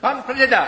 Pan Preda.